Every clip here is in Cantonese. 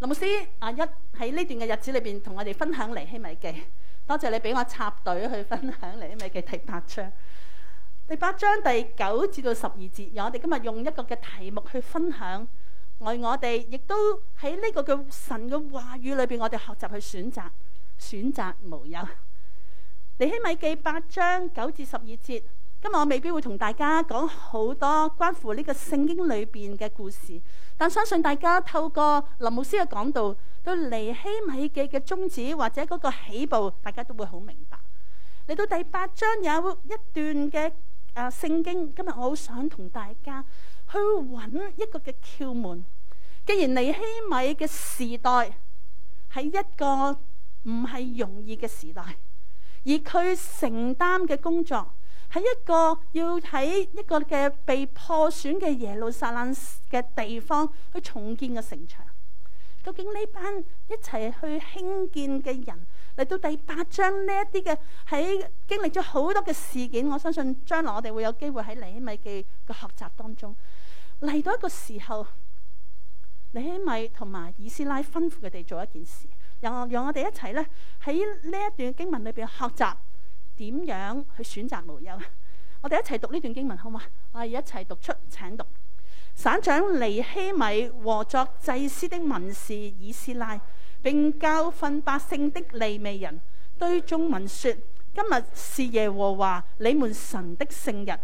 林牧師阿，一喺呢段嘅日子裏邊同我哋分享尼希米記，多謝你俾我插隊去分享尼希米記第八章。第八章第九至到十二節，由我哋今日用一個嘅題目去分享，我我哋亦都喺呢個嘅神嘅話語裏邊，我哋學習去選擇選擇無憂。尼希米記八章九至十二節。今日我未必會同大家講好多關乎呢個聖經裏邊嘅故事，但相信大家透過林牧師嘅講道，對尼希米記嘅宗旨或者嗰個起步，大家都會好明白。嚟到第八章有一段嘅誒、啊、聖經，今日我好想同大家去揾一個嘅竅門。既然尼希米嘅時代係一個唔係容易嘅時代，而佢承擔嘅工作。喺一個要喺一個嘅被破損嘅耶路撒冷嘅地方去重建嘅城牆，究竟呢班一齊去興建嘅人嚟到第八章呢一啲嘅喺經歷咗好多嘅事件，我相信將來我哋會有機會喺尼希米記嘅學習當中，嚟到一個時候，尼希米同埋以斯拉吩咐佢哋做一件事，讓讓我哋一齊咧喺呢一段經文裏邊學習。點樣去選擇毋憂？我哋一齊讀呢段經文好嗎？我哋一齊讀出，請讀。省長尼希米和作祭司的文士以斯拉並教訓百姓的利未人對眾民說：今日是耶和華你們神的聖日，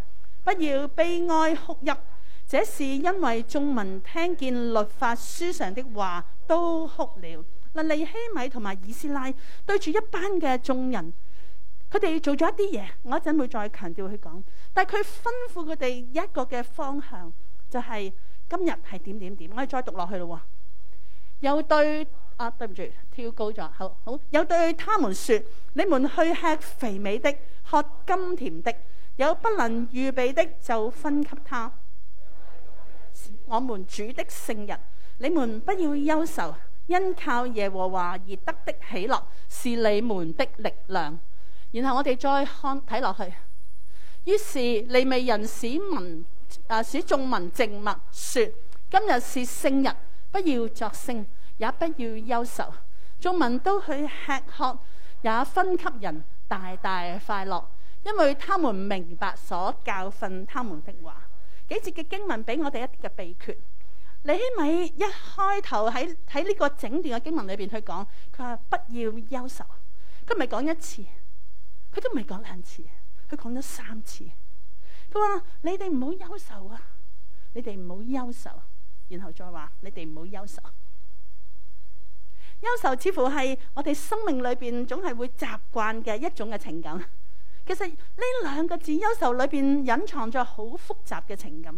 不要悲哀哭泣。這是因為眾民聽見律法書上的話都哭了。嗱，尼希米同埋以斯拉對住一班嘅眾人。佢哋做咗一啲嘢，我一陣會，會再強調去講。但係佢吩咐佢哋一個嘅方向就係、是、今日係點點點。我哋再讀落去咯。又對啊，對唔住，跳高咗，好好。又對他們說：你們去吃肥美的、喝甘甜的，有不能預備的就分給他。我們主的聖日，你們不要憂愁，因靠耶和華而得的喜樂是你們的力量。然後我哋再看睇落去，於是利未人使民啊，使眾民靜默說：今日是聖日，不要作聲，也不要憂愁。眾民都去吃喝，也分給人大大快樂，因為他們明白所教訓他們的話。幾節嘅經文俾我哋一啲嘅秘訣。尼希米一開頭喺喺呢個整段嘅經文裏邊去講，佢話不要憂愁，佢唔係講一次。佢都唔係講兩次，佢講咗三次。佢話：你哋唔好憂愁啊！你哋唔好憂愁，然後再話：你哋唔好憂愁。憂愁似乎係我哋生命裏邊總係會習慣嘅一種嘅情感。其實呢兩個字憂愁裏邊隱藏咗好複雜嘅情感。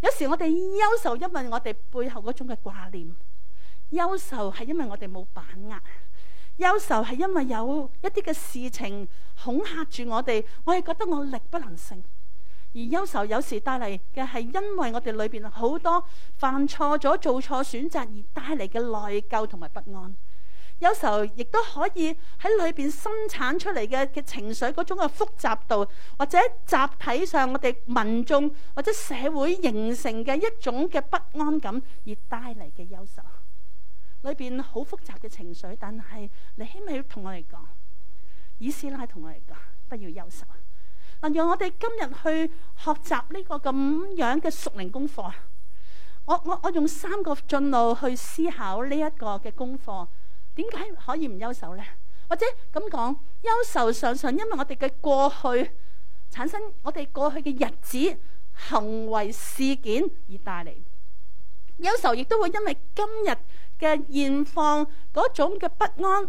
有時我哋憂愁，因為我哋背後嗰種嘅掛念；憂愁係因為我哋冇把握。憂愁係因為有一啲嘅事情恐嚇住我哋，我係覺得我力不能勝。而憂愁有時帶嚟嘅，係因為我哋裏邊好多犯錯咗、做錯選擇而帶嚟嘅內疚同埋不安。憂愁亦都可以喺裏邊生產出嚟嘅嘅情緒嗰種嘅複雜度，或者集體上我哋民眾或者社會形成嘅一種嘅不安感而帶嚟嘅憂愁。裏邊好複雜嘅情緒，但係尼希米要同我哋講，以斯拉同我哋講，不要憂愁。嗱，讓我哋今日去學習呢個咁樣嘅屬靈功課。我我我用三個進路去思考呢一個嘅功課，點解可以唔憂愁呢？或者咁講，憂愁常常因為我哋嘅過去產生，我哋過去嘅日子、行為、事件而帶嚟憂愁，亦都會因為今日。嘅現況嗰種嘅不安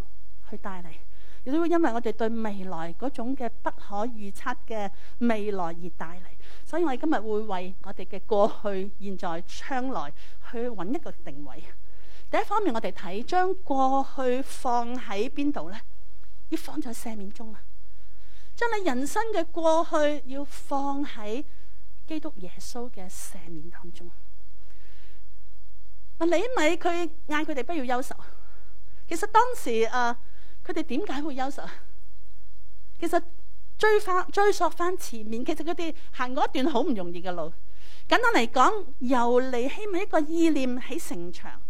去帶嚟，亦都會因為我哋對未來嗰種嘅不可預測嘅未來而帶嚟。所以我哋今日會為我哋嘅過去、現在、將來去揾一個定位。第一方面我，我哋睇將過去放喺邊度呢？要放在赦免中啊！將你人生嘅過去要放喺基督耶穌嘅赦免當中。嗱，尼希米佢嗌佢哋不要憂愁。其實當時誒佢哋點解會憂愁？其實追翻追溯翻前面，其實佢哋行過一段好唔容易嘅路。簡單嚟講，由尼希米一個意念起城牆，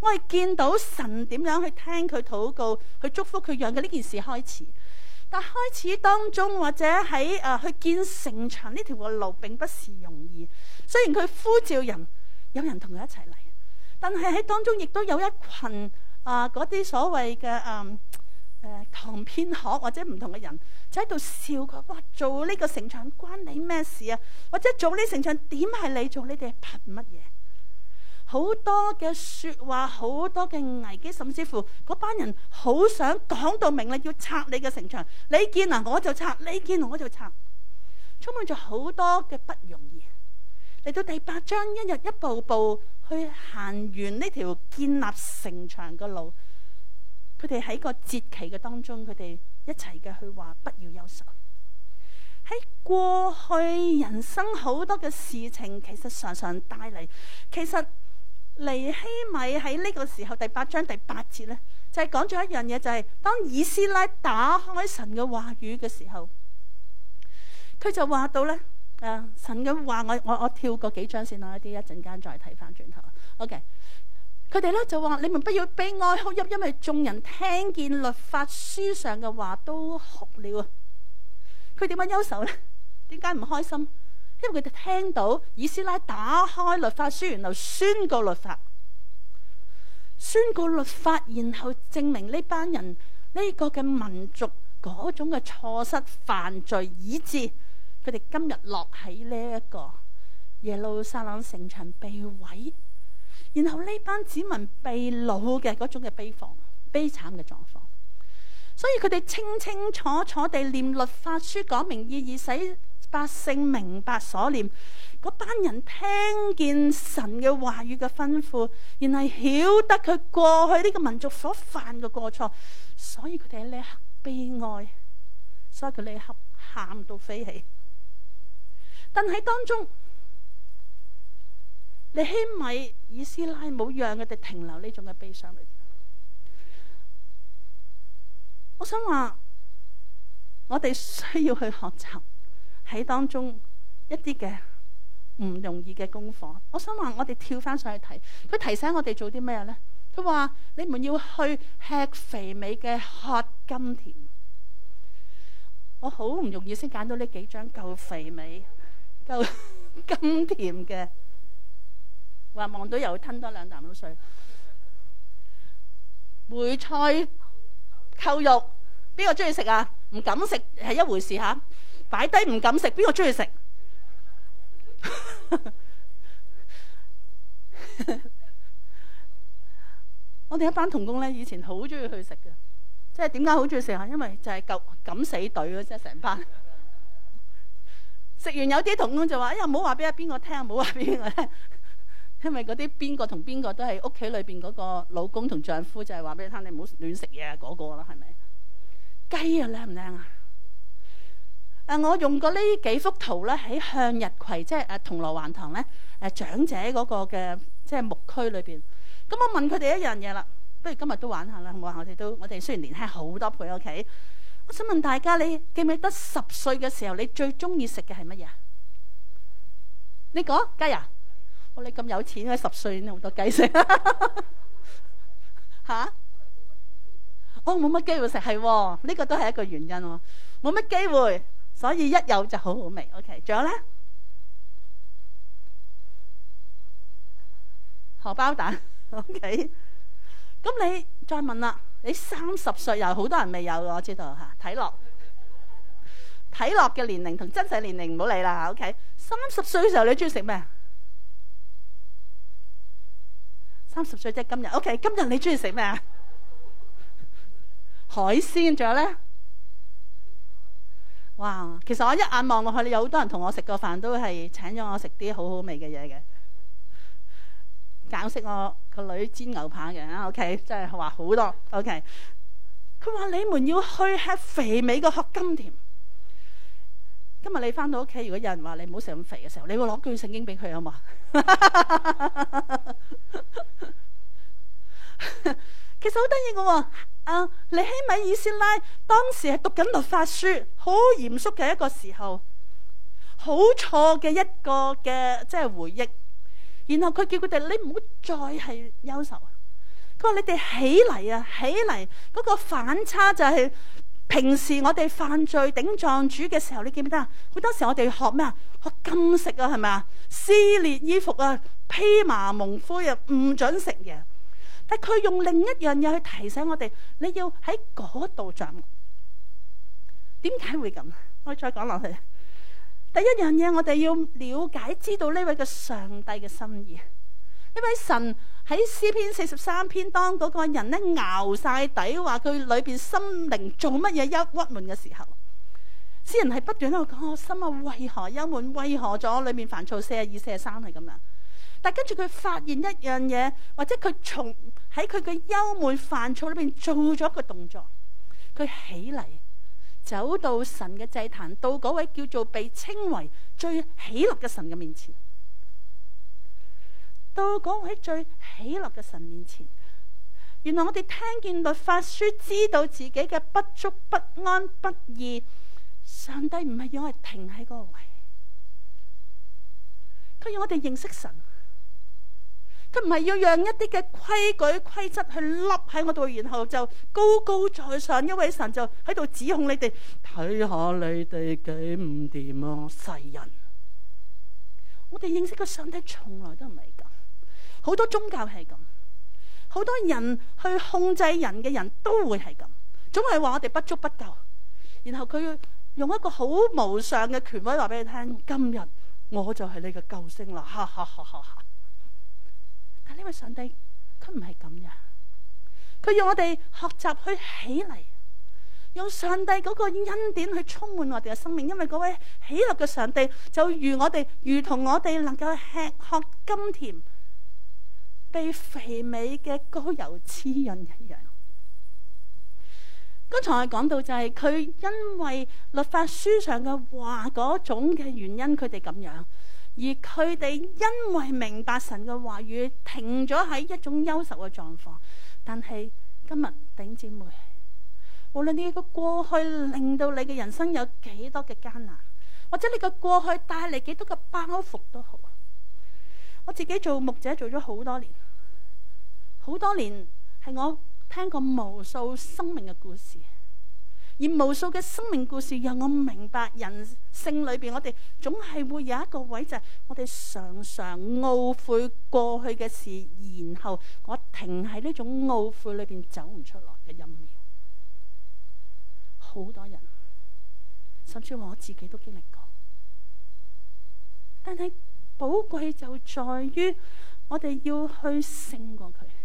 我係見到神點樣去聽佢禱告，去祝福佢養嘅呢件事開始。但開始當中或者喺誒、呃、去建城牆呢條嘅路，並不是容易。雖然佢呼召人，有人同佢一齊嚟。但係喺當中亦都有一群啊嗰啲所謂嘅嗯誒、呃、唐偏學或者唔同嘅人，就喺度笑佢，哇！做呢個城牆關你咩事啊？或者做呢城牆點係你做你？你哋憑乜嘢？好多嘅説話，好多嘅危機，甚至乎嗰班人好想講到明啦，要拆你嘅城牆。你見啊，我就拆；你見我就拆。充滿咗好多嘅不容易。嚟到第八章，一日一步步。去行完呢條建立城牆嘅路，佢哋喺個節期嘅當中，佢哋一齊嘅,去話不要憂愁。喺過去人生好多嘅事情，其實常常帶嚟。其實尼希米喺呢個時候第八章第八節呢，就係講咗一樣嘢，就係當以斯拉打開神嘅話語嘅時候，佢就話到呢。啊、呃！神咁話，我我我跳過幾張先啦，一啲一陣間再睇翻轉頭。OK，佢哋咧就話，你們不要悲哀哭泣，因為眾人聽見律法書上嘅話都哭了。佢點樣憂愁呢？點解唔開心？因為佢哋聽到以斯拉打開律法書，然後宣告律法，宣告律法，然後證明呢班人呢、這個嘅民族嗰種嘅錯失、犯罪以致。佢哋今日落喺呢一個耶路撒冷城牆被毀，然後呢班子民被擄嘅嗰種嘅悲況、悲慘嘅狀況，所以佢哋清清楚楚地念律法書，講明意義，使百姓明白所念嗰班人聽見神嘅話語嘅吩咐，然後曉得佢過去呢個民族所犯嘅過錯，所以佢哋喺呢刻悲哀，所以佢呢刻喊到飛起。但喺當中，尼希米以斯拉冇讓佢哋停留呢種嘅悲傷裏。我想話，我哋需要去學習喺當中一啲嘅唔容易嘅功課。我想話，我哋跳翻上去睇，佢提醒我哋做啲咩呢？佢話：你們要去吃肥美嘅，喝甘甜。我好唔容易先揀到呢幾張夠肥美。夠甘 甜嘅，話望到又吞多兩啖口水。梅菜扣肉，邊個中意食啊？唔敢食係一回事吓、啊，擺低唔敢食，邊個中意食？ 我哋一班童工呢，以前好中意去食嘅，即係點解好中意食啊？因為就係夠敢死隊即係成班。食完有啲同工就話，哎呀，唔好話俾啊邊個聽，唔好話俾我聽，因為嗰啲邊個同邊個都係屋企裏邊嗰個老公同丈夫，就係話俾你聽，你唔好亂食嘢啊！嗰、那個啦，係咪？雞啊靚唔靚啊？誒、啊，我用過呢幾幅圖咧，喺向日葵，即係誒銅鑼灣堂咧誒、啊、長者嗰個嘅即係牧區裏邊。咁我問佢哋一樣嘢啦，不如今日都玩下啦。我話我哋都，我哋雖然年輕好多倍屋企。Okay? 我想問大家，你記唔記得十歲嘅時候，你最中意食嘅係乜嘢？你講，雞啊，哦，你咁有錢啊，十歲都好多雞食，吓，我冇乜機會食，係呢個都係一個原因，冇乜機會，所以一有就好好味。OK，仲有咧，荷包蛋。OK，咁你再問啦。你三十歲又好多人未有，我知道吓。睇落睇落嘅年齡同真實年齡唔好理啦。O K，三十歲嘅時候你中意食咩？三十歲即係今日。O、okay, K，今日你中意食咩？ 海鮮仲有咧？哇、wow！其實我一眼望落去，你有好多人同我食過飯都係請咗我食啲好好味嘅嘢嘅，搞識我。個女煎牛排嘅 OK，真係話好多，OK。佢話你們要去吃肥美嘅喝甘甜。今日你翻到屋企，如果有人話你唔好食咁肥嘅時候，你會攞卷聖經俾佢啊？嘛， 其實好得意嘅喎。啊，尼希米以斯拉當時係讀緊律法書，好嚴肅嘅一個時候，好錯嘅一個嘅即係回憶。然後佢叫佢哋，你唔好再係憂愁。佢話你哋起嚟啊，起嚟嗰個反差就係平時我哋犯罪頂撞主嘅時候，你記唔記得啊？好多時我哋學咩啊？學禁食啊，係咪啊？撕裂衣服啊，披麻蒙灰啊，唔准食嘢。但佢用另一樣嘢去提醒我哋，你要喺嗰度掌握。點解會咁？我再講落去。第一樣嘢，我哋要了解知道呢位嘅上帝嘅心意。呢 位神喺詩篇四十三篇，當嗰個人咧熬晒底，話佢裏邊心靈做乜嘢憂鬱悶嘅時候，詩人係不斷喺度講：我心啊，為何憂悶？為何咗？裏面煩躁四十二、四十三係咁樣！但係跟住佢發現一樣嘢，或者佢從喺佢嘅憂悶煩躁裏邊做咗一個動作，佢起嚟。走到神嘅祭壇，到嗰位叫做被稱為最喜樂嘅神嘅面前，到嗰位最喜樂嘅神面前，原來我哋聽見律法書，知道自己嘅不足、不安、不義，上帝唔係要我哋停喺嗰個位，佢要我哋認識神，佢唔係要讓一啲嘅規矩、規則去立。喺我度，然後就高高在上一位神就喺度指控你哋，睇下你哋幾唔掂啊！世人，我哋認識個上帝從來都唔係咁，好多宗教係咁，好多人去控制人嘅人都會係咁，總係話我哋不足不夠，然後佢用一個好無上嘅權威話俾你聽，今日我就係你嘅救星啦！哈哈哈哈！但呢位上帝佢唔係咁嘅。佢要我哋學習去起嚟，用上帝嗰個恩典去充滿我哋嘅生命。因為嗰位喜樂嘅上帝就如我哋，如同我哋能夠吃喝甘甜，被肥美嘅膏油滋潤一樣。剛才我講到就係、是、佢因為律法書上嘅話嗰種嘅原因，佢哋咁樣，而佢哋因為明白神嘅話語，停咗喺一種憂愁嘅狀況。但係今日頂姐妹，無論你個過去令到你嘅人生有幾多嘅艱難，或者你個過去帶嚟幾多嘅包袱都好，我自己做牧者做咗好多年，好多年係我聽過無數生命嘅故事。而無數嘅生命故事，讓我明白人性裏邊，我哋總係會有一個位，就係我哋常常懊悔過去嘅事，然後我停喺呢種懊悔裏邊走唔出來嘅陰霾。好多人，甚至我我自己都經歷過。但係寶貴就在於，我哋要去勝過佢。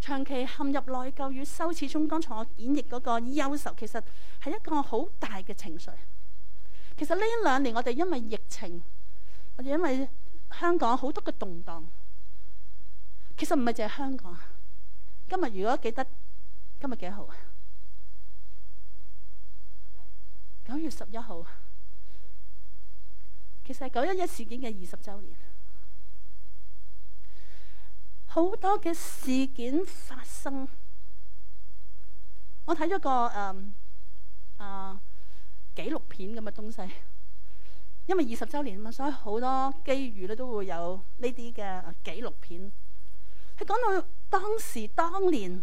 長期陷入內疚與羞恥中，剛才我演繹嗰個憂愁，其實係一個好大嘅情緒。其實呢一兩年我哋因為疫情，或者因為香港好多嘅動盪，其實唔係淨係香港。今日如果記得，今日幾號啊？九月十一號，其實係九一一事件嘅二十週年。好多嘅事件發生，我睇咗個誒誒紀錄片咁嘅東西，因為二十週年嘛，所以好多機遇咧都會有呢啲嘅紀錄片。佢講到當時當年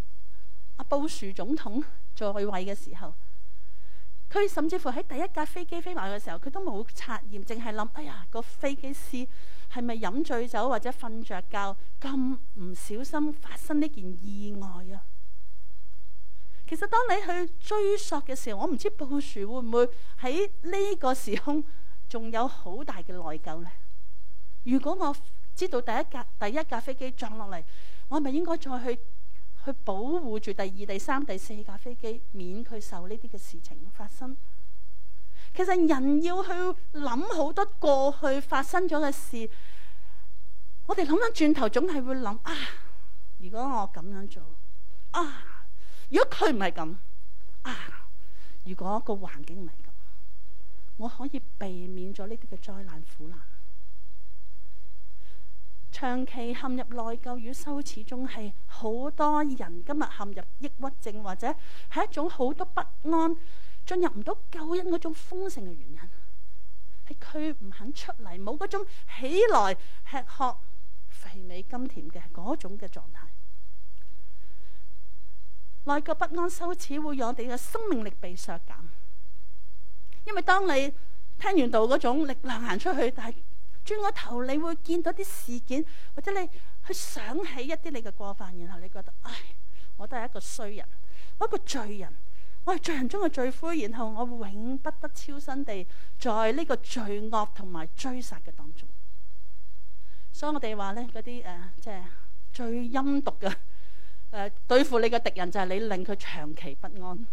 阿布殊總統在位嘅時候，佢甚至乎喺第一架飛機飛埋嘅時候，佢都冇察驗，淨係諗，哎呀個飛機師。係咪飲醉酒或者瞓着覺咁唔小心發生呢件意外啊？其實當你去追溯嘅時候，我唔知布殊會唔會喺呢個時空仲有好大嘅內疚呢？如果我知道第一架第一架飛機撞落嚟，我係咪應該再去去保護住第二、第三、第四架飛機，免佢受呢啲嘅事情發生？其實人要去諗好多過去發生咗嘅事，我哋諗翻轉頭，總係會諗啊！如果我咁樣做啊，如果佢唔係咁啊，如果個環境唔係咁，我可以避免咗呢啲嘅災難苦難。長期陷入內疚與羞恥中，係好多人今日陷入抑鬱症，或者係一種好多不安。進入唔到救恩嗰種豐盛嘅原因，係佢唔肯出嚟，冇嗰種起來吃喝肥美甘甜嘅嗰種嘅狀態。內疚不安、羞恥會讓我哋嘅生命力被削減，因為當你聽完道嗰種力量行出去，但係轉個頭你會見到啲事件，或者你去想起一啲你嘅過犯，然後你覺得唉，我都係一個衰人，我一個罪人。我係罪人中嘅罪魁，然後我永不得超生地，在呢個罪惡同埋追殺嘅當中。所以我哋話咧，嗰啲誒，即係最陰毒嘅，誒，對付你嘅敵人就係你令佢長期不安。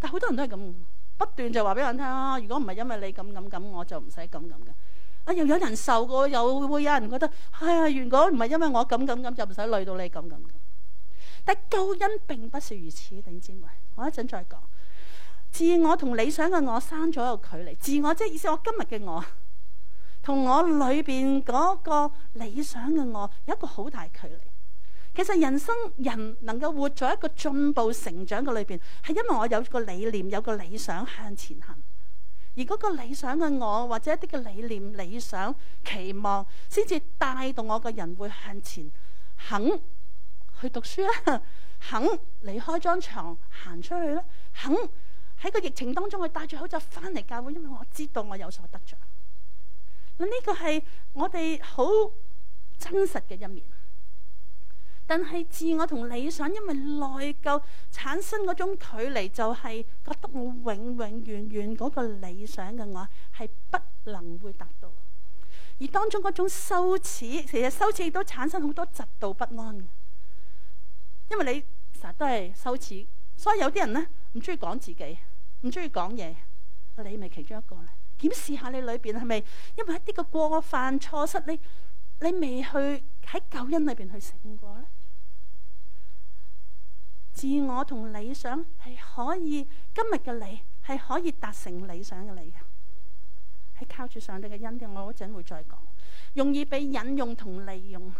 但係好多人都係咁，不斷就話俾人聽啊！如果唔係因為你咁咁咁，我就唔使咁咁嘅。啊，又有人受過，又會有人覺得係啊！如果唔係因為我咁咁咁，就唔使累到你咁咁。但救恩並不是如此，頂尖位，我一陣再講。自我同理想嘅我生咗一個距離，自我即係意思我今日嘅我，同我裏邊嗰個理想嘅我有一個好大距離。其實人生人能夠活在一個進步成長嘅裏邊，係因為我有個理念，有個理想向前行。而嗰個理想嘅我或者一啲嘅理念、理想、期望，先至帶動我個人會向前肯，去讀書啦，肯離開張床行出去啦，肯喺個疫情當中，我戴住口罩翻嚟教會，因為我知道我有所得着。呢個係我哋好真實嘅一面。但係自我同理想，因為內疚產生嗰種距離，就係覺得我永永遠遠個理想嘅我係不能會達到。而當中嗰種羞恥，其實羞恥亦都產生好多極度不安嘅。因為你成日都係羞恥，所以有啲人呢唔中意講自己，唔中意講嘢。你咪其中一個咧，檢視下你裏邊係咪因為一啲嘅過犯錯失，你你未去喺救恩裏邊去勝過呢，自我同理想係可以，今日嘅你係可以達成理想嘅你嘅，係靠住上帝嘅恩典。我嗰陣會再講，容易被引用同利用，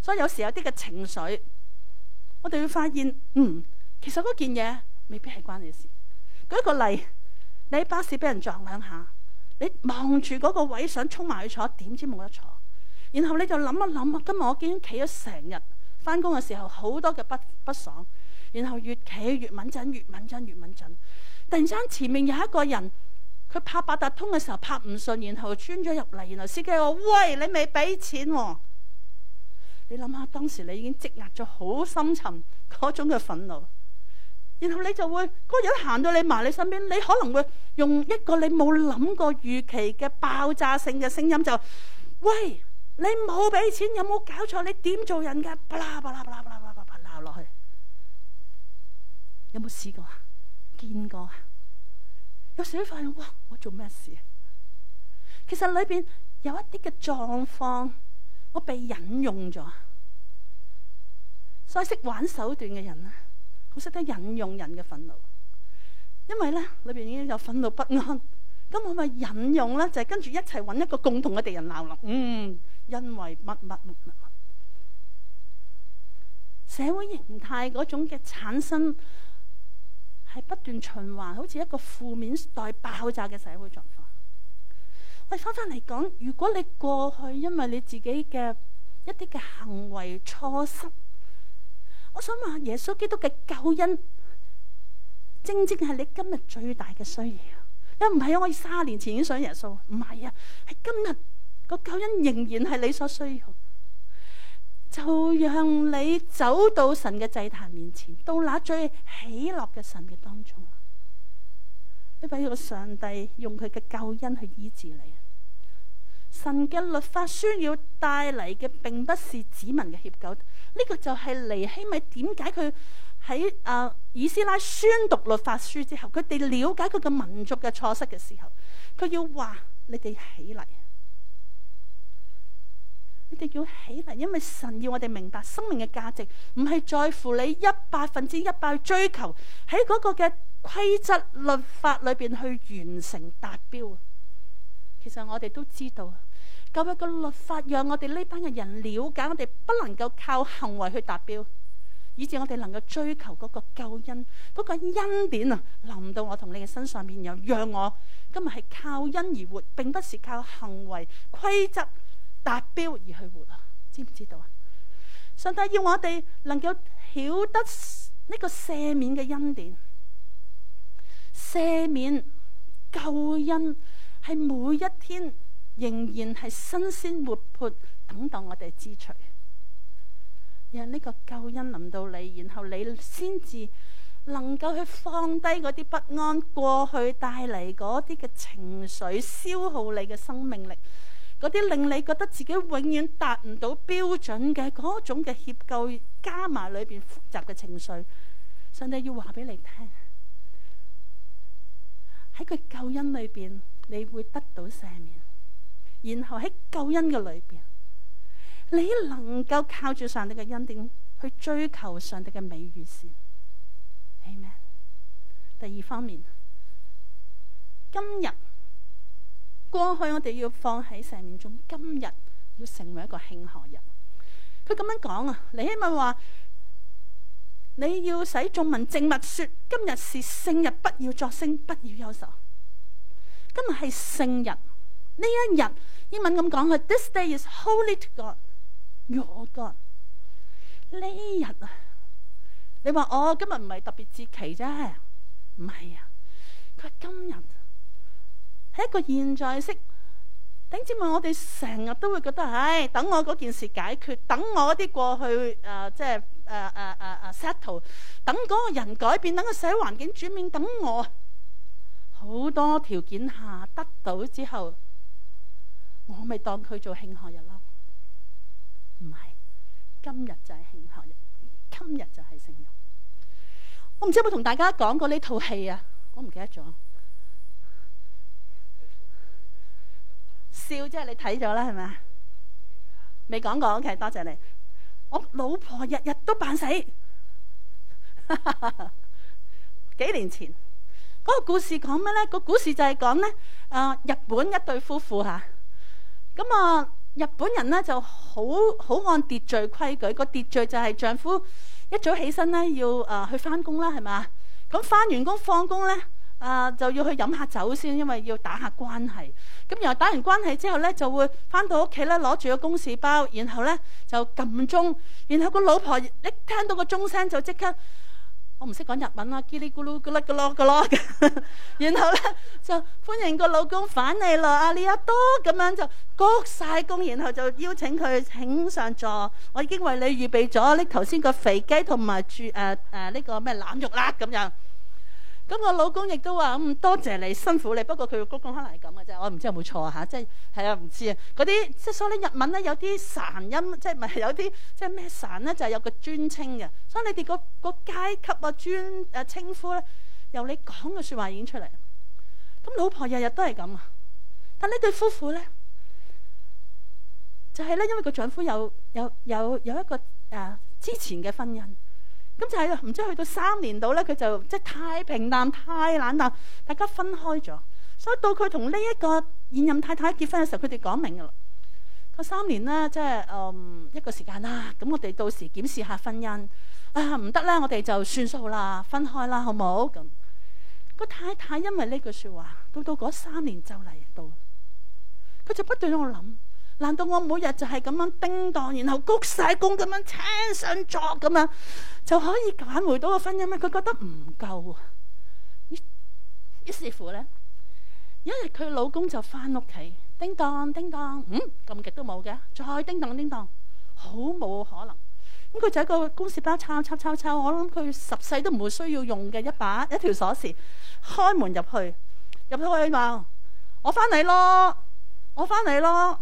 所以有時有啲嘅情緒。我哋會發現，嗯，其實嗰件嘢未必係關你事。舉一個例，你喺巴士俾人撞兩下，你望住嗰個位想衝埋去坐，點知冇得坐？然後你就諗一諗，今日我竟然企咗成日，翻工嘅時候好多嘅不不爽，然後越企越敏感，越敏感越敏感。突然之間，前面有一個人，佢拍八達通嘅時候拍唔順，然後穿咗入嚟，然後司機話喂你未俾錢喎，哦？你諗下，當時你已經積壓咗好深層嗰種嘅憤怒，然後你就會嗰個人行到你埋你身邊，你可能會用一個你冇諗過預期嘅爆炸性嘅聲音就：，喂，你冇俾錢，有冇搞錯？你點做人㗎巴巴巴巴巴巴巴？，啦啪啦啪啦啪啦啪巴啪鬧落去。有冇試過？見過？有時發現，哇！我做咩事？其實裏邊有一啲嘅狀況。我被引用咗，所以識玩手段嘅人咧，好識得引用人嘅憤怒，因為咧裏邊已經有憤怒不安，咁我咪引用咧，就係跟住一齊揾一個共同嘅敵人鬧咯。嗯，因為乜乜乜乜乜，社會形態嗰種嘅產生係不斷循環，好似一個負面待爆炸嘅社會狀況。返返嚟講，如果你過去因為你自己嘅一啲嘅行為錯失，我想問下耶穌基督嘅救恩，正正係你今日最大嘅需要。又唔係我哋三年前已經想耶穌，唔係啊，係今日個救恩仍然係你所需要。就讓你走到神嘅祭壇面前，到那最喜樂嘅神嘅當中。你俾個上帝用佢嘅救恩去醫治你。神嘅律法書要帶嚟嘅，並不是子民嘅脅構，呢、這個就係尼希米點解佢喺啊以斯拉宣讀律法書之後，佢哋了解佢嘅民族嘅錯失嘅時候，佢要話：你哋起嚟，你哋要起嚟，因為神要我哋明白生命嘅價值，唔係在乎你一百分之一百之追求喺嗰個嘅規則律法裏邊去完成達標。其實我哋都知道，今日嘅律法讓我哋呢班嘅人了解我哋不能夠靠行為去達標，以致我哋能夠追求嗰個救恩，嗰個恩典啊，臨到我同你嘅身上面，又讓我今日係靠恩而活，並不是靠行為規則達標而去活啊！知唔知道啊？上帝要我哋能夠曉得呢個赦免嘅恩典，赦免救恩。係每一天，仍然係新鮮活潑，等待我哋支取，讓呢個救恩臨到你，然後你先至能夠去放低嗰啲不安、過去帶嚟嗰啲嘅情緒，消耗你嘅生命力，嗰啲令你覺得自己永遠達唔到標準嘅嗰種嘅協構，加埋裏邊複雜嘅情緒，上帝要話俾你聽喺佢救恩裏邊。你會得到赦免，然後喺救恩嘅裏邊，你能夠靠住上帝嘅恩典去追求上帝嘅美與善。阿門。第二方面，今日過去我哋要放喺赦免中，今日要成為一個慶賀日。佢咁樣講啊，尼希米話：你要使眾民靜默，說今日是聖日，不要作聲，不要憂愁。今日係聖日，呢一日英文咁講嘅，this day is holy to God, your God，呢日啊，你話我、oh, 今日唔係特別節期啫，唔係啊，佢今日係一個現在式。頂住問我哋成日都會覺得，唉、哎，等我嗰件事解決，等我啲過去誒、呃，即係誒誒誒誒 settle，等嗰個人改變，等個社會環境轉變，等我。好多條件下得到之後，我咪當佢做慶賀日咯。唔係，今日就係慶賀日，今日就係聖日。我唔知有冇同大家講過呢套戲啊？我唔記得咗。笑即係你睇咗啦，係咪啊？未講過 OK，多謝你。我老婆日日都扮死， 幾年前。嗰個故事講咩呢？這個故事就係講呢，誒、呃、日本一對夫婦嚇，咁啊日本人呢就好好按秩序規矩。那個秩序就係丈夫一早起身呢，要誒、呃、去翻工啦，係咪？咁翻完工放工呢，誒、呃、就要去飲下酒先，因為要打下關係。咁、嗯、然後打完關係之後呢，就會翻到屋企呢，攞住個公事包，然後呢就撳鐘，然後個老婆一聽到個鐘聲就即刻。我唔識講日文啦，嘰哩咕嚕咕甩噶咯咯，然後呢，就歡迎個老公返嚟咯，阿李阿多咁樣就鞠晒躬，然後就邀請佢請上座，我已經為你預備咗呢頭先個肥雞同埋煮誒誒呢個咩腩肉啦咁樣。咁、嗯、我老公亦都話咁多謝你辛苦你，不過佢個公公可能係咁嘅啫，我唔知有冇錯嚇、啊啊，即係係啊唔知啊，嗰啲即係所以啲日文咧有啲神音，即係咪有啲即係咩神咧，就係、是、有個尊稱嘅，所以你哋、那個、那個階級尊啊尊啊稱呼咧，由你講嘅説話已經出嚟。咁、嗯、老婆日日都係咁啊，但呢對夫婦咧，就係、是、咧因為個丈夫有有有有一個誒、啊、之前嘅婚姻。咁就係、啦、唔知去到三年度咧，佢就即係太平淡、太冷淡，大家分開咗。所以到佢同呢一個現任太太結婚嘅時候，佢哋講明㗎啦。個三年咧，即係嗯一個時間啦。咁、啊、我哋到時檢視下婚姻啊，唔得咧，我哋就算數啦，分開啦，好冇咁。個太太因為呢句説話，到到嗰三年就嚟到，佢就不斷喺度諗。難道我每日就係咁樣叮當，然後谷曬工咁樣，車上作咁樣就可以揀回到個婚姻咩？佢覺得唔夠啊！於於是乎咧，一日佢老公就翻屋企叮當叮當，嗯咁極都冇嘅，再叮當叮當，好冇可能咁。佢就喺個公事包抄抄抄抄。我諗佢十世都唔會需要用嘅一把一條鎖匙，開門入去入到去嘛。我翻嚟咯，我翻嚟咯。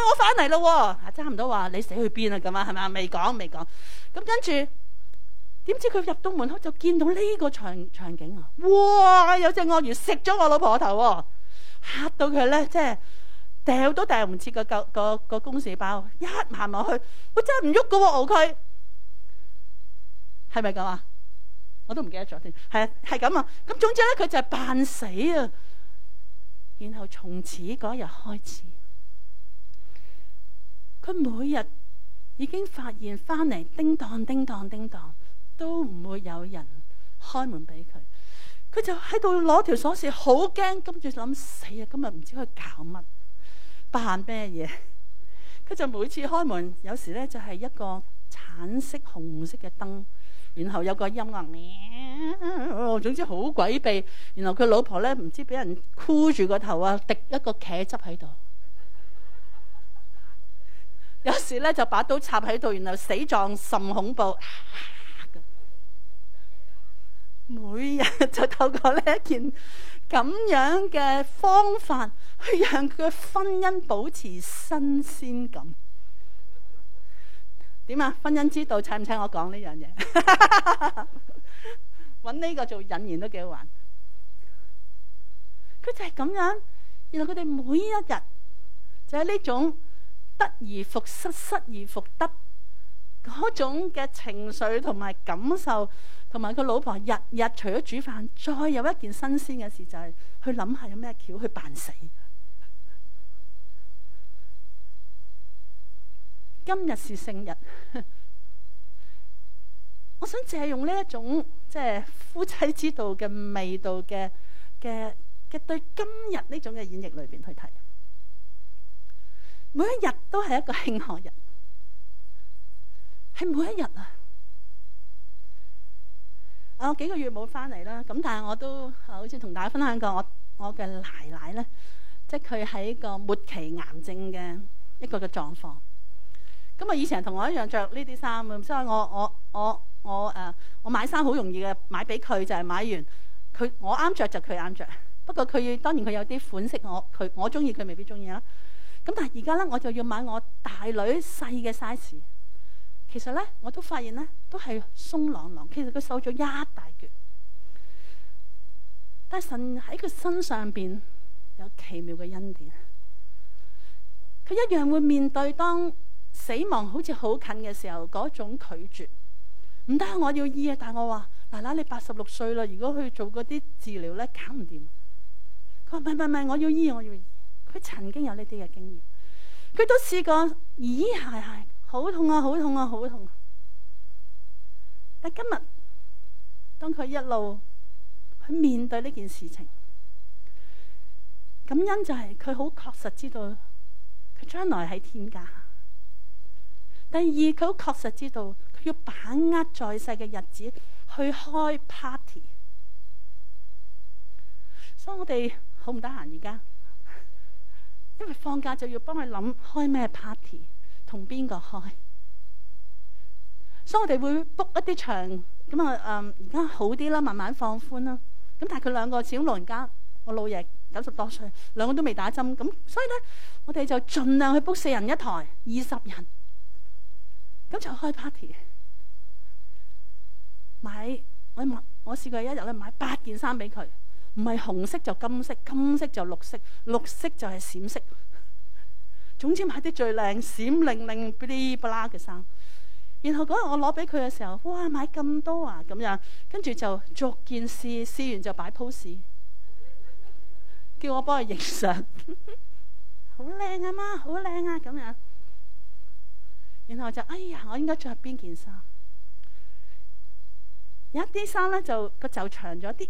我翻嚟咯，差唔多話你死去邊啊咁啊，係咪啊？未講未講，咁跟住點知佢入到門口就見到呢個場場景啊！哇，有隻鱷魚食咗我老婆頭，啊，嚇到佢咧，即係掉都大唔切個、那個、那個公事包一行落去，我真係唔喐噶，鰲佢係咪咁啊？我都唔記得咗添，係係咁啊！咁總之咧，佢就係扮死啊，然後從此嗰一日開始。佢每日已經發現翻嚟叮當叮當叮當，都唔會有人開門俾佢。佢就喺度攞條鎖匙，好驚，跟住諗死啊！今日唔知佢搞乜，扮咩嘢？佢就每次開門，有時呢就係一個橙色、紅色嘅燈，然後有個音樂，總之好詭秘。然後佢老婆呢，唔知俾人箍住個頭啊，滴一個茄汁喺度。有時咧就把刀插喺度，然後死狀甚恐怖。每日就透過呢一件咁樣嘅方法，去讓佢婚姻保持新鮮感。點啊？婚姻之道請唔請我講呢樣嘢？揾呢個做引言都幾好玩。佢就係咁樣、啊，原來佢哋每一日就係、是、呢種。得而復失，失而復得，嗰種嘅情緒同埋感受，同埋佢老婆日日除咗煮飯，再有一件新鮮嘅事就係、是、去諗下有咩橋去扮死。 今日是聖日， 我想借用呢一種即係夫妻之道嘅味道嘅嘅嘅對今日呢種嘅演繹裏邊去睇。每一日都係一個慶賀日，係每一日啊，啊！我幾個月冇翻嚟啦，咁但係我都好似同大家分享過我我嘅奶奶咧，即係佢喺個末期癌症嘅一個嘅狀況。咁、嗯、啊，以前同我一樣着呢啲衫啊，所以我我我我誒，我，我，我、uh，我買衫好容易嘅，買俾佢就係買完佢我啱着就佢啱着。不過佢當然佢有啲款式我佢我中意佢未必中意啦。咁但係而家咧，我就要買我大女細嘅 size。其實咧，我都發現咧，都係鬆朗朗。其實佢瘦咗一大橛，但神喺佢身上邊有奇妙嘅恩典。佢一樣會面對當死亡好似好近嘅時候嗰種拒絕。唔得，我要醫啊！但係我話，奶奶，你八十六歲啦，如果去做嗰啲治療咧，搞唔掂。佢話：唔係，唔係，我要醫，我要。佢曾經有呢啲嘅經驗，佢都試過。咦，係係，好痛啊！好痛啊！好痛啊！但今日當佢一路去面對呢件事情，感恩就係佢好確實知道佢將來喺天家。第二，佢好確實知道佢要把握在世嘅日子去開 party。所以我哋好唔得閒而家。因為放假就要幫佢諗開咩 party，同邊個開，所以我哋會 book 一啲場，咁啊，誒、呃，而家好啲啦，慢慢放寬啦。咁但係佢兩個，始終老人家，我老爺九十多歲，兩個都未打針，咁所以咧，我哋就盡量去 book 四人一台，二十人，咁就開 party，買我買，我試過一日咧買八件衫俾佢。唔係紅色就金色，金色就綠色，綠色就係閃色。總之買啲最靚閃靈靈、嗶哩不啦嘅衫。然後嗰日我攞俾佢嘅時候，哇買咁多啊咁樣，跟住就逐件試，試完就擺 pose，叫我幫佢影相。好靚啊嘛，好靚啊咁樣。然後就哎呀，我應該着邊件衫？有一啲衫咧，就個袖長咗啲。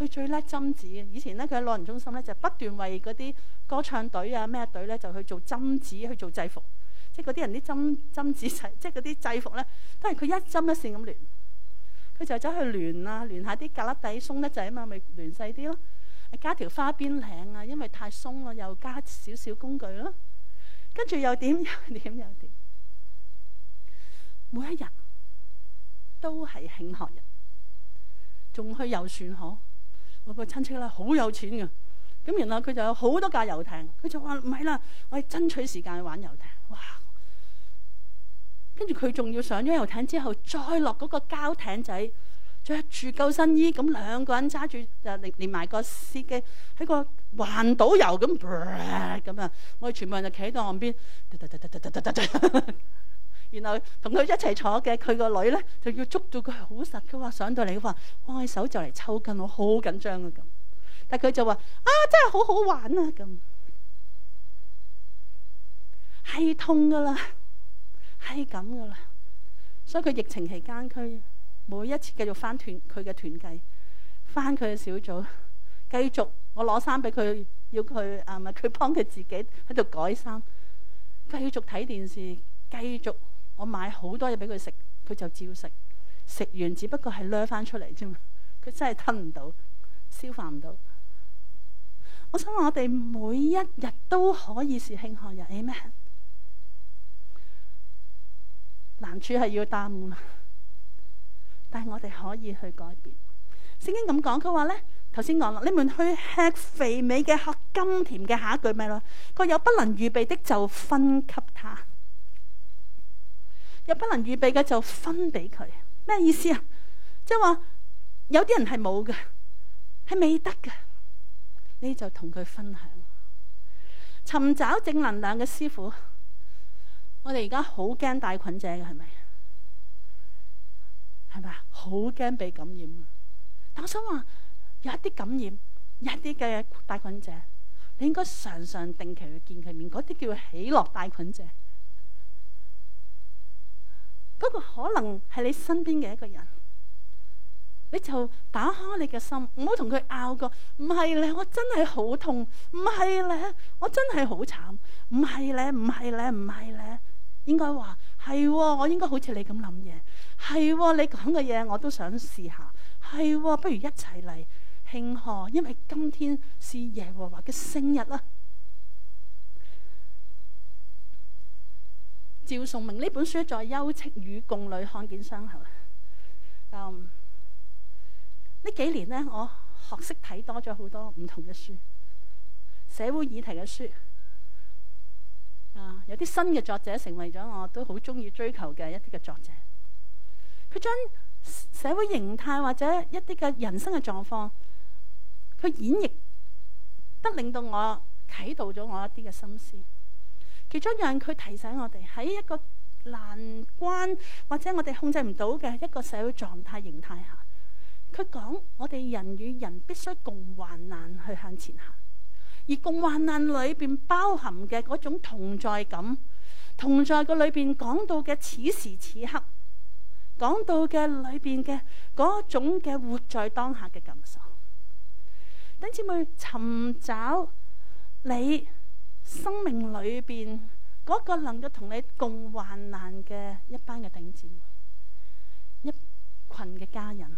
佢最叻針子，以前咧佢喺老人中心咧就不斷為嗰啲歌唱隊啊咩隊咧就去做針子，去做制服，即係嗰啲人啲針針子製，即係嗰啲制服咧都係佢一針一線咁攣，佢就走去攣啊攣下啲格粒底鬆得滯啊嘛，咪攣細啲咯，加條花邊領啊，因為太鬆啦，又加少少工具咯，跟住又點又點又點，又點，每一日都係慶賀日，仲去遊船河。我個親戚啦，好有錢嘅，咁然後佢就有好多架遊艇，佢就話唔係啦，我哋爭取時間去玩遊艇，哇！跟住佢仲要上咗遊艇之後，再落嗰個膠艇仔，着住救生衣，咁兩個人揸住，連連埋個司機喺個環島遊咁咁啊！我哋全部人就企喺度岸邊。噠噠噠噠噠噠噠然後同佢一齊坐嘅佢個女咧，就要捉到佢好實。佢話上到嚟嘅話，哇我手就嚟抽筋，我好緊張啊！咁，但係佢就話啊，真係好好玩啊！咁係痛㗎啦，係咁㗎啦。所以佢疫情期間，佢每一次繼續返團佢嘅團計，返佢嘅小組，繼續我攞衫俾佢，要佢啊咪佢幫佢自己喺度改衫，繼續睇電視，繼續。我買好多嘢俾佢食，佢就照食。食完只不過係掠翻出嚟啫嘛，佢真係吞唔到，消化唔到。我想話我哋每一日都可以是慶賀日，哎咩？難處係要擔啦，但係我哋可以去改變。聖經咁講，佢話呢，頭先講啦，你們去吃肥美嘅、喝甘甜嘅，下一句咩咯？個有不能預備的就分給他。又不能預備嘅就分俾佢，咩意思啊？即係話有啲人係冇嘅，係未得嘅，你就同佢分享。尋找正能量嘅師傅，我哋而家好驚帶菌者嘅係咪？係咪啊？好驚被感染啊！但我想話，有一啲感染、有一啲嘅帶菌者，你應該常常定期去見佢面，嗰啲叫喜樂帶菌者。不過可能係你身邊嘅一個人，你就打開你嘅心，唔好同佢拗過。唔係咧，我真係好痛；唔係咧，我真係好慘；唔係咧，唔係咧，唔係咧。應該話，係喎，我應該好似你咁諗嘢。係喎，你講嘅嘢我都想試下。係喎，不如一齊嚟慶賀，因為今天是耶和華嘅聖日啦，啊。趙崇明呢本書在休戚與共裏看見傷口。呢、um, 幾年呢，我學識睇多咗好多唔同嘅書，社會議題嘅書、uh, 有啲新嘅作者成為咗我都好中意追求嘅一啲嘅作者，佢將社會形態或者一啲嘅人生嘅狀況，佢演繹得令到我啟導咗我一啲嘅心思。其中有人佢提醒我哋喺一個難關或者我哋控制唔到嘅一個社會狀態形態下，佢講我哋人與人必須共患難去向前行，而共患難裏邊包含嘅嗰種同在感，同在嘅裏邊講到嘅此時此刻，講到嘅裏邊嘅嗰種嘅活在當下嘅感受，等姐妹尋找你。生命裏邊嗰、那個能夠同你共患難嘅一班嘅弟兄、一群嘅家人，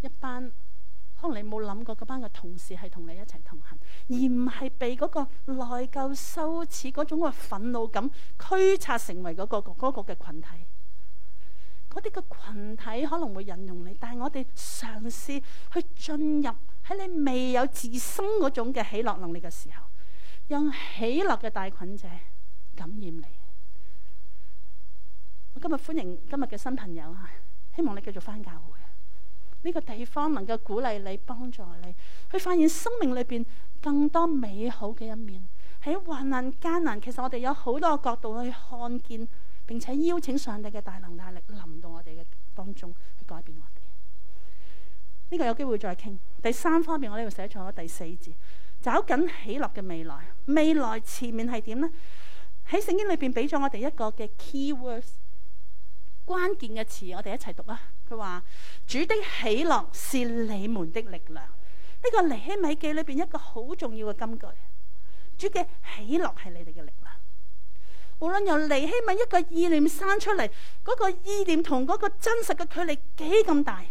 一班可能你冇諗過嗰班嘅同事係同你一齊同行，而唔係被嗰個內疚、羞恥嗰種嘅憤怒感驅策成為嗰、那個嗰、那個嘅群體。嗰啲嘅群體可能會引用你，但係我哋嘗試去進入喺你未有自身嗰種嘅喜樂能力嘅時候。讓喜樂嘅帶菌者感染你。我今日歡迎今日嘅新朋友啊！希望你繼續返教會，呢個地方能夠鼓勵你、幫助你，去發現生命裏邊更多美好嘅一面。喺患難艱難，其實我哋有好多角度去看見，並且邀請上帝嘅大能大力臨到我哋嘅當中，去改變我哋。呢個有機會再傾。第三方面，我呢度寫錯咗第四字。找緊喜樂嘅未來，未來前面係點呢？喺聖經裏邊俾咗我哋一個嘅 key words，關鍵嘅詞我，我哋一齊讀啊！佢話主的喜樂是你們的力量，呢、呢個尼希米記裏邊一個好重要嘅金句。主嘅喜樂係你哋嘅力量，無論由尼希米一個意念生出嚟，嗰、嗰個意念同嗰個真實嘅距離幾咁大？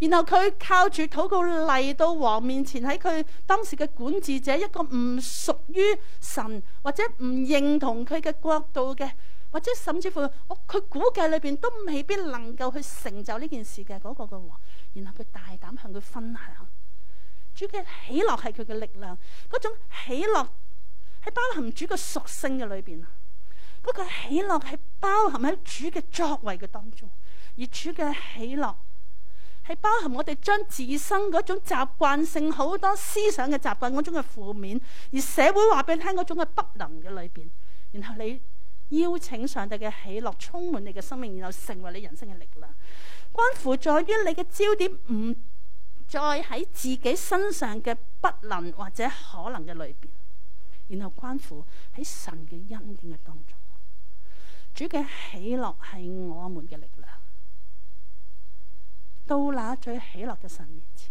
然後佢靠住禱告嚟到王面前，喺佢當時嘅管治者，一個唔屬於神或者唔認同佢嘅國度嘅，或者甚至乎我佢估計裏邊都未必能夠去成就呢件事嘅嗰個嘅王。然後佢大膽向佢分享，主嘅喜樂係佢嘅力量，嗰種喜樂係包含主嘅屬性嘅裏邊，嗰個喜樂係包含喺主嘅作為嘅當中，而主嘅喜樂。係包含我哋將自身嗰種習慣性好多思想嘅習慣，嗰種嘅負面，而社會話俾你聽嗰種嘅不能嘅裏邊，然後你邀請上帝嘅喜樂充滿你嘅生命，然後成為你人生嘅力量，關乎在於你嘅焦點唔再喺自己身上嘅不能或者可能嘅裏邊，然後關乎喺神嘅恩典嘅當中，主嘅喜樂係我們嘅力量。到那最喜樂嘅神面前，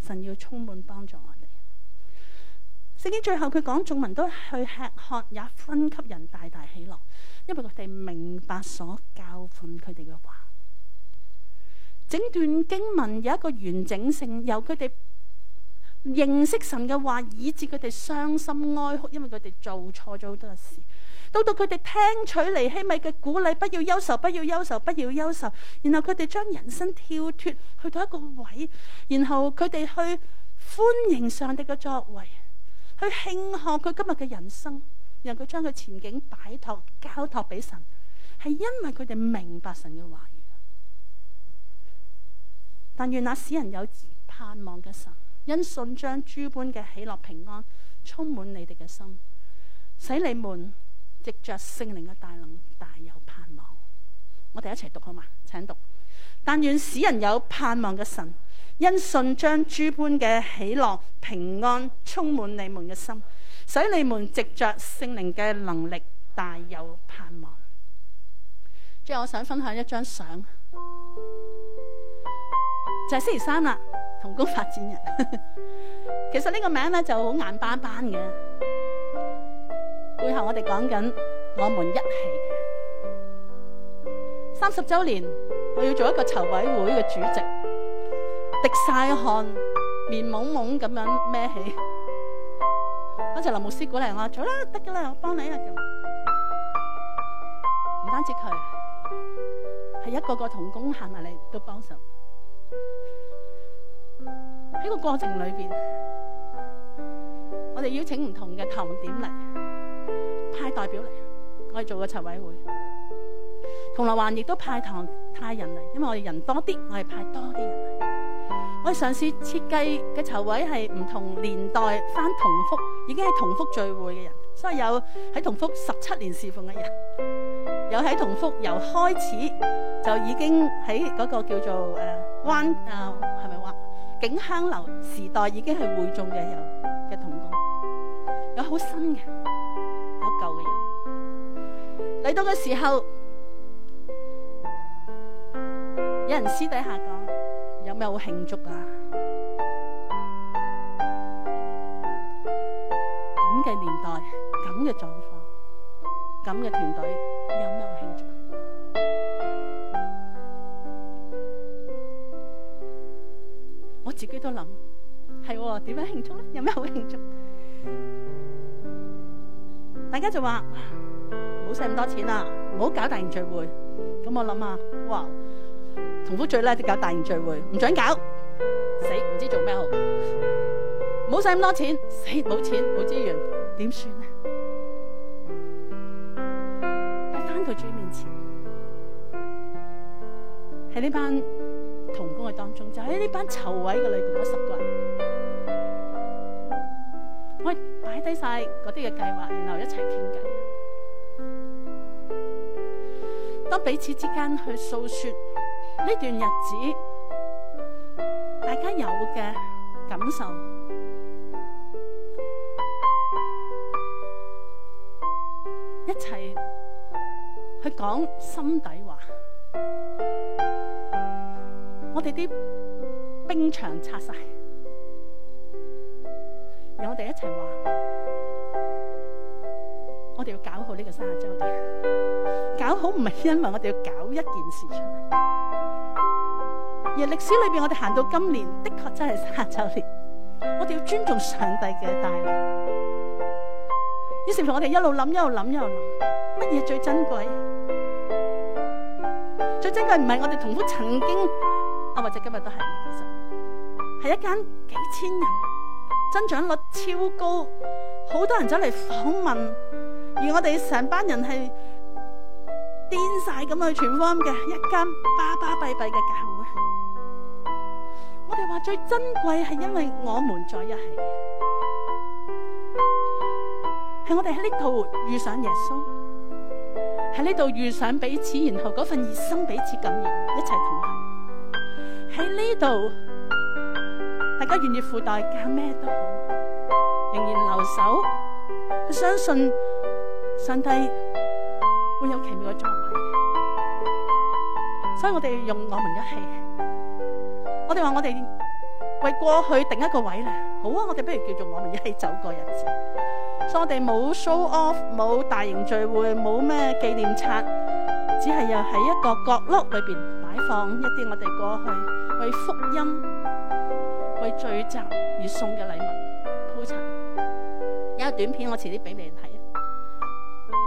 神要充滿幫助我哋。聖經最後佢講，眾民都去吃喝，也分給人大大喜樂，因為佢哋明白所教訓佢哋嘅話。整段經文有一個完整性，由佢哋認識神嘅話，以致佢哋傷心哀哭，因為佢哋做錯咗好多事。到到佢哋聽取尼希米嘅鼓勵，不要憂愁，不要憂愁，不要憂愁、愁。然後佢哋將人生跳脱去到一個位，然後佢哋去歡迎上帝嘅作為，去慶賀佢今日嘅人生，讓佢將佢前景擺托，交託俾神，係因為佢哋明白神嘅話語。但願那使人有盼望嘅神，因信將諸般嘅喜樂平安充滿你哋嘅心，使你們。藉着聖靈嘅大能，大有盼望。我哋一齊讀好嘛？請讀。但願使人有盼望嘅神，因信將諸般嘅喜樂、平安充滿你們嘅心，使你們藉着聖靈嘅能力，大有盼望。最後，我想分享一張相，就係星期三啦，同工發展日。 其實呢個名咧就好眼巴巴嘅。背後我哋講緊，我們一起三十周年，我要做一個籌委會嘅主席，滴晒汗，面懵懵咁樣孭起。多謝林牧師鼓勵我，做啦，得嘅啦，我幫你啦。唔單止佢，係一個個同工行埋嚟都幫手。喺個過程裏邊，我哋邀請唔同嘅談點嚟。派代表嚟，我哋做個籌委會。銅鑼灣亦都派堂派人嚟，因為我哋人多啲，我哋派多啲人嚟。我哋嘗試設計嘅籌委係唔同年代返同福，已經喺同福聚會嘅人，所以有喺同福十七年侍奉嘅人，有喺同福由開始就已經喺嗰個叫做誒、啊、灣啊係咪灣景香樓時代已經係會眾嘅人嘅同工，有好新嘅。嚟到嘅時候，有人私底下講：有咩好慶祝啊？咁嘅年代，咁嘅狀況，咁嘅團隊，有咩好慶祝？我自己都諗，係喎，點樣慶祝咧？有咩好慶祝？大家就話。使咁多錢啦、啊，唔好搞大型聚會。咁我諗啊，哇，同工最叻都搞大型聚會，唔准搞，死唔知做咩好。唔好使咁多錢，死冇錢冇資源，點算啊？喺返到主面前，喺呢班同工嘅當中，就喺呢班籌委嘅裏邊嗰十個人，喂，擺低晒嗰啲嘅計劃，然後一齊傾偈。當彼此之間去訴說呢段日子，大家有嘅感受，一齊去講心底話。我哋啲冰牆拆晒，由我哋一齊話。我哋要搞好呢個三十周年，搞好唔係因為我哋要搞一件事出嚟，而歷史裏邊我哋行到今年的確真係三十周年。我哋要尊重上帝嘅帶領，於是乎我哋一路諗，一路諗，一路諗乜嘢最珍貴？最珍貴唔係我哋同府曾經啊，或者今日都係，其實係一間幾千人增長率超高，好多人走嚟訪問。而我哋成班人係癲晒咁去傳福音嘅一間巴巴閉閉嘅教會，我哋話最珍貴係因為我們在一起，係我哋喺呢度遇上耶穌，喺呢度遇上彼此，然後嗰份熱心彼此感染，一齊同行。喺呢度，大家願意付代價咩都好，仍然留守，佢相信。上帝會有奇妙嘅作為，所以我哋要用我們一起，我哋話我哋為過去定一個位咧，好啊！我哋不如叫做我們一起走過日子，所以我哋冇 show off，冇大型聚會，冇咩紀念冊，只係又喺一個角落裏邊擺放一啲我哋過去為福音為聚集而送嘅禮物鋪陳，有短片我遲啲俾你睇。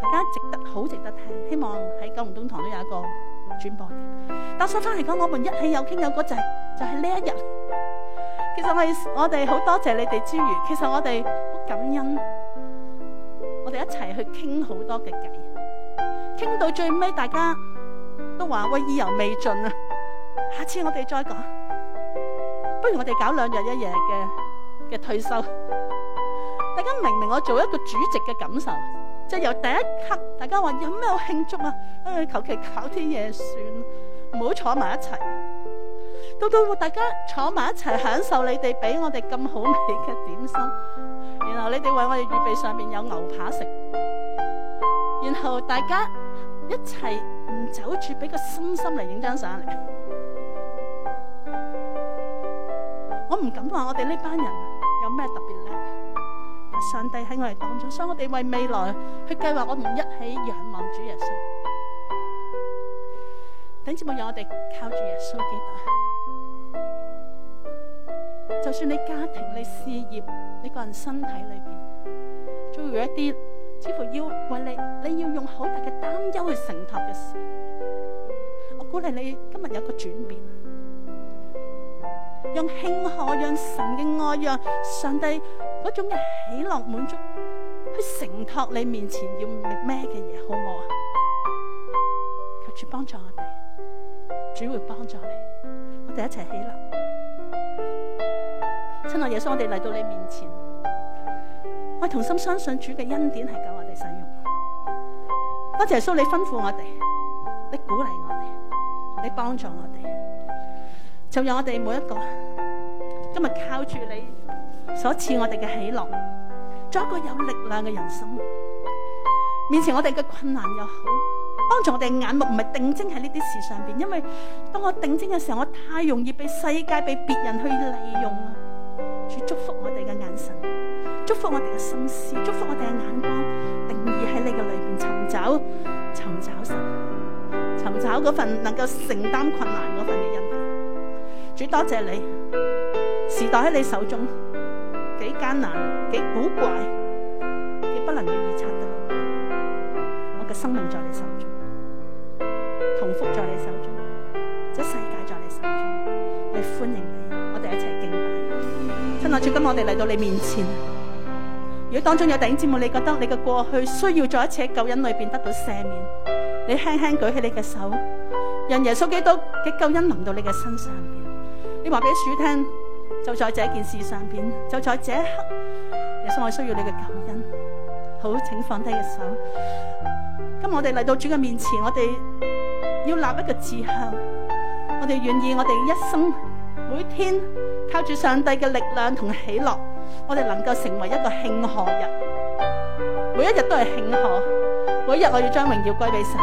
大家值得好值得聽，希望喺九龍東堂都有一個轉播嘅。但所翻嚟講，我們一起有傾有講就係就係呢一日。其實我我哋好多謝你哋之餘，其實我哋好感恩，我哋一齊去傾好多嘅偈，傾到最尾，大家都話喂意猶未盡啊！下次我哋再講，不如我哋搞兩日一夜嘅嘅退休。大家明唔明我做一個主席嘅感受？即係由第一刻，大家話有咩好慶祝啊？唉，求其搞啲嘢算，唔好坐埋一齊。到到大家坐埋一齊，享受你哋俾我哋咁好味嘅點心，然後你哋為我哋預備上面有牛扒食，然後大家一齊唔走住，俾個心心嚟影張相嚟。我唔敢話我哋呢班人有咩特別。上帝喺我哋當中，所以我哋為未來去計劃，我哋一起仰望主耶穌。等節目讓我哋靠住耶穌基督。就算你家庭、你事業、你個人身體裏邊，仲有一啲，似乎要為你，你要用好大嘅擔憂去承托嘅事，我鼓勵你今日有一個轉變，用慶賀，用神嘅愛，讓上帝。嗰種嘅喜樂滿足，去承托你面前要咩嘅嘢，好唔好啊？求主幫助我哋，主會幫助你，我哋一齊喜樂。親愛耶穌，我哋嚟到你面前，我同心相信主嘅恩典係夠我哋使用。多謝耶穌，你吩咐我哋，你鼓勵我哋，你幫助我哋，就讓我哋每一個今日靠住你。所賜我哋嘅喜樂，做一個有力量嘅人生。面前我哋嘅困難又好，幫助我哋眼目唔係定睛喺呢啲事上邊，因為當我定睛嘅時候，我太容易被世界、被別人去利用啦。主祝福我哋嘅眼神，祝福我哋嘅心思，祝福我哋嘅眼光，定義喺你嘅裏邊尋找，尋找神，尋找嗰份能夠承擔困難嗰份嘅恩典。主多謝你，時代喺你手中。幾艱難，幾古怪，亦不能去預測到。我嘅生命在你手中，同福在你手中，即係世界在你手中。你歡迎你，我哋一齊敬拜。親愛的，今我哋嚟到你面前。如果當中有弟兄姊妹，你覺得你嘅過去需要再一次喺救恩裏邊得到赦免，你輕輕舉起你嘅手，讓耶穌基督嘅救恩臨到你嘅身上。你話俾主聽。就在這件事上邊，就在這一刻，其實我需要你嘅救恩。好，請放低嘅手。今日我哋嚟到主嘅面前，我哋要立一個志向。我哋願意，我哋一生每天靠住上帝嘅力量同喜樂，我哋能夠成為一個慶賀人。每一日都係慶賀，每一日我要將榮耀歸俾神，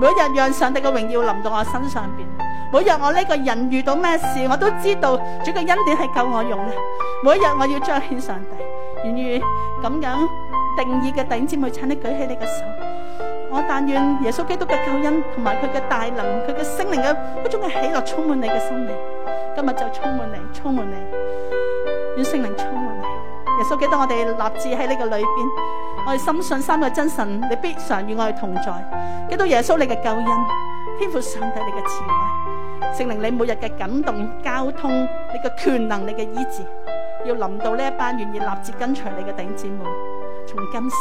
每一日讓上帝嘅榮耀臨到我身上邊。每日我呢個人遇到咩事，我都知道，主嘅恩典係夠我用嘅。每日我要彰顯上帝，願意咁樣定義嘅弟兄姊妹，請你舉起你嘅手。我但願耶穌基督嘅救恩同埋佢嘅大能，佢嘅聖靈嘅嗰種嘅喜樂充滿你嘅心靈。今日就充滿你，充滿你，充滿你，願聖靈充滿你。耶穌基督我，我哋立志喺呢個裏邊，我哋深信三個真神，你必常與我哋同在。基督耶穌，你嘅救恩，天父上帝你，你嘅慈愛。聖靈你每日嘅感動、交通，你嘅權能、你嘅醫治，要臨到呢一班願意立志跟隨你嘅弟兄姊妹，從今時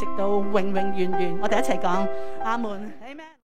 直到永永遠遠，我哋一齊講阿門。Amen.